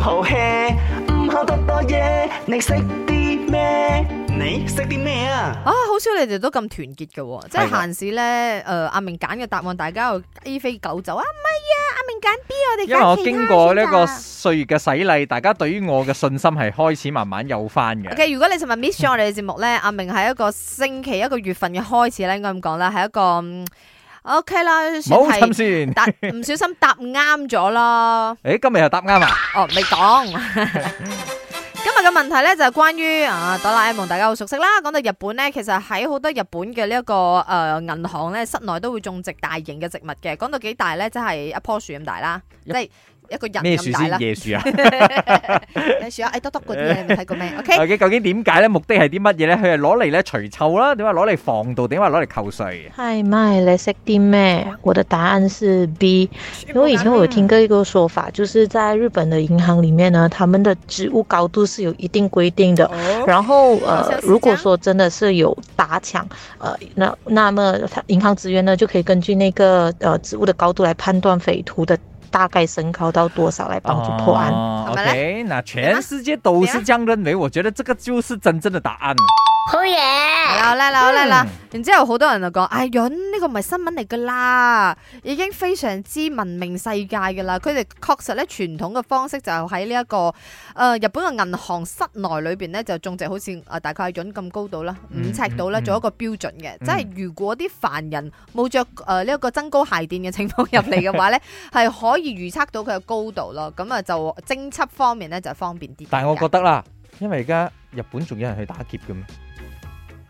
好 hea，唔好得多嘢。你識啲咩？你識啲咩啊？啊，好少你哋都咁團結嘅，即係閒時咧。誒，阿明揀嘅答案，大家又雞飛狗走啊，唔係啊，阿明揀 B，我哋因為我經過呢個歲月嘅洗禮，大家對於我嘅信心係開始慢慢有翻嘅。OK，如果你尋日 miss 咗我哋嘅節目咧，阿明喺一個星期、一個月份嘅開始咧，應該咁講啦，係一個。OK 啦，算係，但唔小心答啱咗囉。誒，今日又答啱啊！哦，未講。今日嘅問題咧就係關於啊，哆啦 A 夢，大家好熟悉啦。講到日本咧，其實喺好多日本嘅呢一個誒銀行咧，室內都會種植大型嘅植物嘅。講到幾大咧，即係一棵樹咁大啦，即係。一個人咩樹先啦？椰樹啊，睇、 啊哎、過咩？O K，究竟點解咧、okay?？目的係啲乜嘢咧？佢係攞嚟咧除臭啦，點解攞嚟防盜？點解攞嚟扣稅？Hi my，let's say 啲咩？我的答案是 B。因為以前我有聽過一個說法，就是在日本的銀行裏面呢，他們的職務高度是有一定規定的。Oh, 然後，呃，如果說真的是有打搶，呃，那那麼他銀行職員呢就可以根據那個，呃，職務的高度來判斷匪徒的。大概升高到多少來幫助破案、嗯？OK，那全世界都是這樣認為，啊、我覺得這個就是真正的答案、啊。好嘢，好叻啦，好叻啦。然之後好多人就講哎，允呢、這個唔係新聞嚟噶啦，已經非常之聞名世界噶啦。佢哋確實咧傳統嘅方式就喺呢一個誒、呃、日本嘅銀行室內裏邊咧就種植好似啊大概允咁高度啦，五、嗯、尺度啦，做一個標準嘅。嗯嗯、即係如果啲凡人冇着誒呢一個增高鞋墊嘅情況入嚟嘅話咧，係、嗯、可以預測到佢嘅高度咯。咁啊 就偵測方面咧就方便啲。但係我覺得啦，因為而家日本仲有人去打劫嘅咩？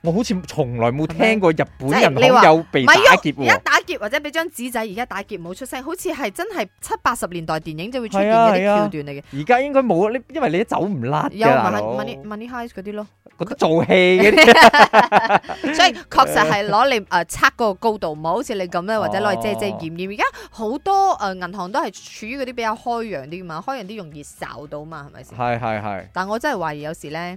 我好似從來冇聽過日本人有被打劫，而家、嗯就是、打劫或者俾張紙仔，而家打劫冇出聲，好似係真係七八十年代電影就會出現嗰啲橋段嚟嘅。而家、啊啊、應該冇，因為你都走唔甩嘅。有問問啲啲咯，嗰啲做戲嘅。所以確實係攞嚟誒測個高度，唔好好似你咁咧，或者攞嚟遮遮掩掩。而家好多誒銀、呃、行都係處於嗰啲比較開揚啲嘛，開揚啲容易睄到嘛，係咪先？係係係。但我真係懷疑有時咧。